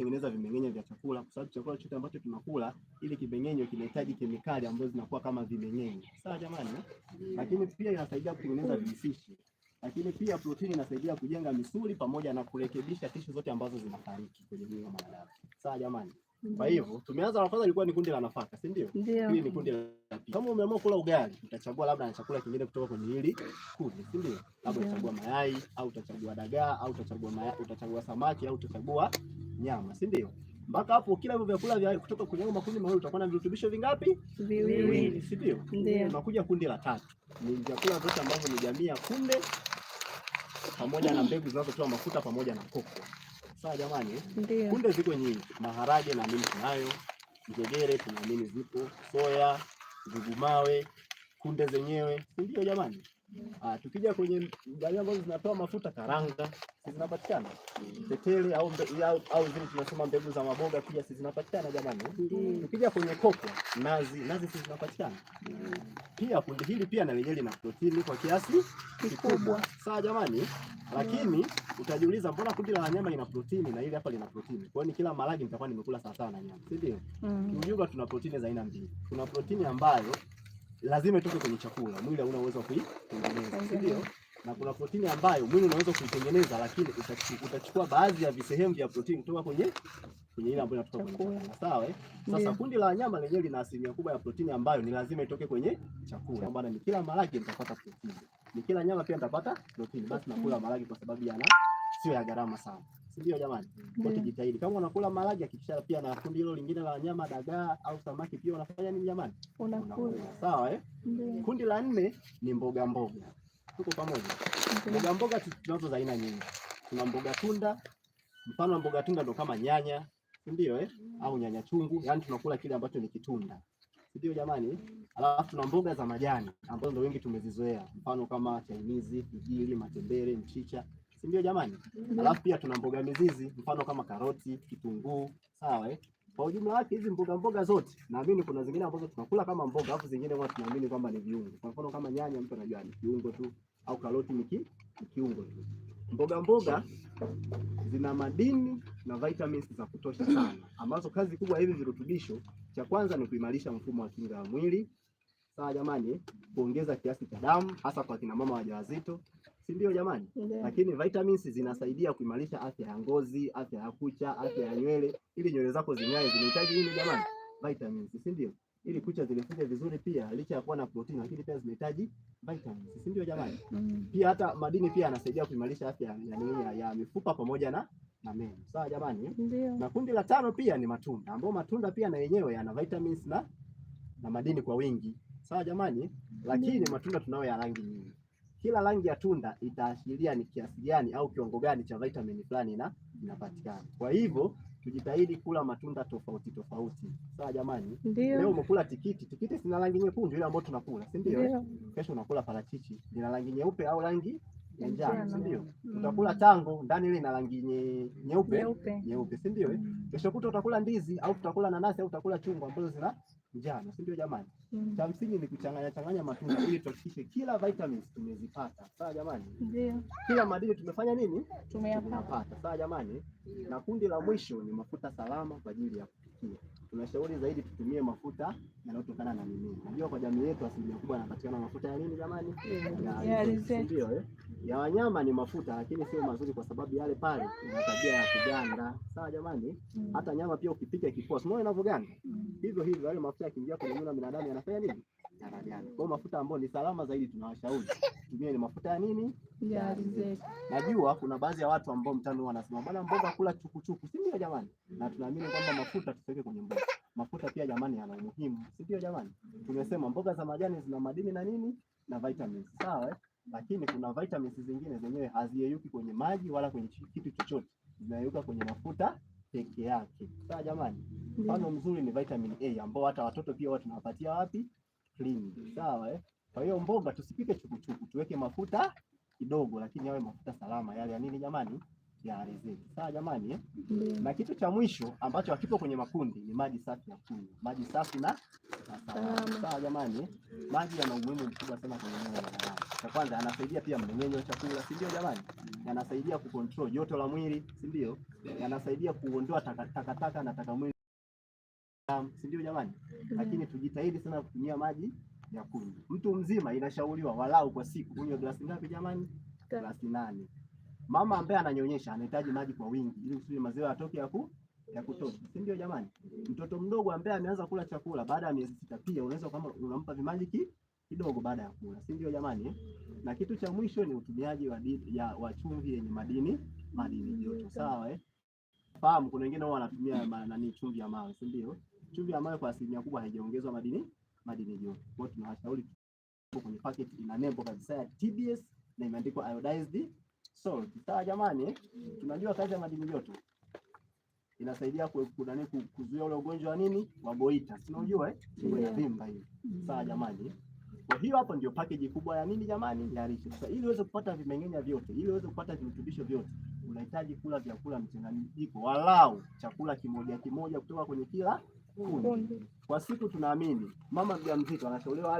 kutengeneza vimeng'enyo vya chakula, kwa sababu chakula chote ambacho tunakula ili kimeng'enyo kinahitaji kemikali ambazo zinakuwa kama vimeng'enyo. Sawa jamani, eh? mm. lakini pia inasaidia kutengeneza vihusishi, lakini pia protini inasaidia kujenga misuli pamoja na kurekebisha tishu zote ambazo zinafariki kwenye mwili wa mwanadamu. Sawa jamani. Kwa hivyo tumeanza, la kwanza ilikuwa ni kundi la nafaka, si ndio? Hili ni kundi la pili. Kama umeamua kula ugali, utachagua labda na chakula kingine kutoka kwenye hili kundi, si ndio? Labda utachagua mayai au utachagua dagaa au utachagua mayai, utachagua samaki au utachagua nyama, si ndio? Mpaka hapo kila hivyo vyakula vya kutoka kwenye hayo makundi mawili utakuwa na virutubisho vingapi? Viwili, si ndio? Unakuja kundi la tatu, ni vyakula vyote ambavyo ni jamii ya kunde pamoja na mbegu zinazotoa mafuta pamoja na koko Sawa jamani, kunde ziko nyingi, maharage na mimi tunayo, njegere tunaamini zipo, soya, ngugu mawe, kunde zenyewe, ndio jamani. Ah, tukija kwenye bidhaa ambazo zinatoa mafuta, karanga zinapatikana, tetele au, au, au zile tunasema mbegu za maboga pia zinapatikana jamani. Tukija kwenye koko, nazi, nazi zinapatikana pia. Kundi hili pia na lenyewe lina protini kwa kiasi kikubwa, sawa jamani. Lakini utajiuliza mbona kundi la nyama lina protini na ile hapa lina protini? Kwa nini kila malagi nitakuwa nimekula saa tano na nyama, si ndio? Mm. Kiujuga tuna protini za aina mbili, kuna protini ambayo lazima itoke kwenye chakula, mwili hauna uwezo wa kuitengeneza, si ndio? Na kuna protini ambayo mwili unaweza kuitengeneza, lakini utachukua baadhi ya visehemu vya protini kutoka kwenye kwenye ile ambayo inatoka kwenye chakula, sawa eh? Sasa yeah. Kundi la nyama lenyewe lina asilimia kubwa ya protini ambayo ni lazima itoke kwenye chakula, kwa maana ni kila maragi nitapata protini, ni kila nyama pia nitapata protini, basi nakula maragi kwa sababu yana sio ya gharama sana, si ndio jamani? Kwa kujitahidi, kama unakula maragi, hakikisha pia na kundi hilo lingine la nyama, dagaa au samaki pia unafanya nini jamani, unakula sawa eh? Kundi la nne ni mboga mboga. Tuko pamoja? Mboga mboga tunazo za aina nyingi, Kuna mboga tunda. Mfano mboga tunda ndo kama nyanya, si ndio eh? Au nyanya chungu, yani tunakula kile ambacho ni kitunda ndio jamani. Alafu tuna mboga za majani ambazo ndo wengi tumezizoea, mfano kama chainizi, figili, matembele, mchicha si ndio jamani? Mhm. Alafu pia tuna mboga mizizi, mfano kama karoti, kitunguu, sawa eh? Kwa ujumla wake hizi mboga mboga zote naamini kuna zingine ambazo tunakula kama mboga, alafu zingine huwa tunaamini kwamba ni viungo. Kwa mfano kama nyanya, mtu anajua ni kiungo tu, au karoti ni kiungo tu. Mboga mboga zina madini na vitamins za kutosha sana, ambazo kazi kubwa hivi virutubisho, cha kwanza ni kuimarisha mfumo wa kinga ya mwili, sawa jamani, kuongeza kiasi cha damu hasa kwa kina mama wajawazito si ndio jamani? Yeah. Lakini vitamins zinasaidia kuimarisha afya ya ngozi, afya ya kucha, afya ya nywele. Ili nywele zako zinyae zinahitaji nini jamani? Vitamins, si ndio? Ili kucha zilifuje vizuri pia licha ya kuwa na protini, lakini pia zinahitaji vitamins, si ndio jamani? Mm. Pia hata madini pia yanasaidia kuimarisha afya ya, ya, ya mifupa pamoja na na meno. Sawa jamani? Ndiyo. Na kundi la tano pia ni matunda, ambao matunda pia na yenyewe yana vitamins na na madini kwa wingi. Sawa jamani? Lakini matunda tunayo ya rangi nyingi. Kila rangi ya tunda itaashiria ni kiasi gani au kiwango gani cha vitamini fulani na inapatikana. Kwa hivyo tujitahidi kula matunda tofauti tofauti, sawa jamani? Ndiyo. Leo umekula tikiti. Tikiti zina rangi nyekundu, ile ambayo tunakula, si ndio? Kesho unakula parachichi, ina rangi nyeupe au rangi ya njano, si ndio? Mm. Utakula tango, ndani ile ina rangi nyeupe nyeupe, si ndio? Mm. Kesho kuta utakula ndizi au utakula nanasi au utakula chungwa ambazo zina njano, si ndio jamani? Mm. Cha msingi ni kuchanganya changanya matunda ili tuhakikishe kila vitamins tumezipata. Sawa jamani? Ndio. Kila madini tumefanya nini? Tumeyapata. Sawa jamani? Na kundi la mwisho ni mafuta salama kwa ajili ya kupikia. Tunashauri zaidi tutumie mafuta yanayotokana na mimea. Unajua kwa jamii yetu asilimia kubwa anapatikana mafuta ya nini jamani? Mm. Ya alizeti. Ndio eh ya wanyama ni mafuta, lakini sio mazuri kwa sababu yale pale ina tabia ya kuganda. Sawa jamani, mm. hata nyama pia ukipika kipoa, unaona inavyoganda. Mm. Hivyo hivyo yale mafuta yakiingia kwenye mwili wa binadamu yanafanya nini? Yanaganda. Kwa mafuta ambayo ni salama zaidi tunawashauri tumie ni mafuta ya nini? Ya alizeti. Najua kuna baadhi ya watu ambao mtani wanasema bana, mboga kula chukuchuku, si ndio jamani? Na tunaamini kwamba mafuta tusiweke kwenye mboga. Mafuta pia jamani yana umuhimu, si ndio jamani? Tumesema mboga za majani zina madini na nini na vitamins, sawa eh? lakini kuna vitamins zingine zenyewe haziyeyuki kwenye maji wala kwenye kitu chochote, zinayeyuka kwenye mafuta peke yake. Sawa jamani, mfano yeah, mzuri ni vitamin A ambao hata watoto pia huwa tunawapatia wapi? Clean. Sawa eh? Kwa hiyo mboga tusipike chukuchuku, tuweke mafuta kidogo, lakini yawe mafuta salama yale ya nini jamani ya alizeti. Sawa jamani eh? Yeah. Na kitu cha mwisho ambacho hakipo kwenye makundi ni maji safi ya kunywa, maji safi na salama. Sawa jamani eh? Maji yana umuhimu mkubwa sana kwenye mwili wa Cha kwanza yanasaidia pia mmeng'enyo wa chakula, si ndio jamani? Yanasaidia kucontrol joto la mwili, si ndio? Yanasaidia kuondoa takataka taka na taka mwili, si ndio jamani? Yeah. Lakini tujitahidi sana kutumia maji ya kunywa. Mtu mzima inashauriwa walau kwa siku kunywa glasi ngapi jamani? Glasi nane. Mama ambaye ananyonyesha anahitaji maji kwa wingi ili kusudi maziwa yatoke ya ku ya kutosha, si ndio jamani? Mtoto mdogo ambaye ameanza kula chakula baada ya miezi sita pia unaweza kama unampa vimaji ki, kidogo baada ya kula, si ndio jamani Na kitu cha mwisho ni utumiaji wa ya wa chumvi yenye madini madini joto, sawa eh? Fahamu kuna wengine wao wanatumia nani, chumvi ya mawe, si ndio? Chumvi ya mawe kwa asilimia kubwa haijaongezwa madini madini joto, kwa hiyo tunawashauri kwenye paketi ina nembo kabisa ya TBS na imeandikwa iodized So sawa jamani, tunajua kazi ya madini joto inasaidia kuzuia ule ugonjwa wa nini wa goita, si unajua eh, yeah. Vimba hivi sawa jamani. Kwa hiyo hapo ndio package kubwa ya nini jamani, ya lishe. Sasa ili uweze kupata vimeng'enya vyote, ili uweze kupata virutubisho vyote, unahitaji kula vyakula mchanganyiko, walau chakula kimoja kimoja kutoka kwenye kila kundi kwa siku. Tunaamini mama mjamzito anashauriwa ale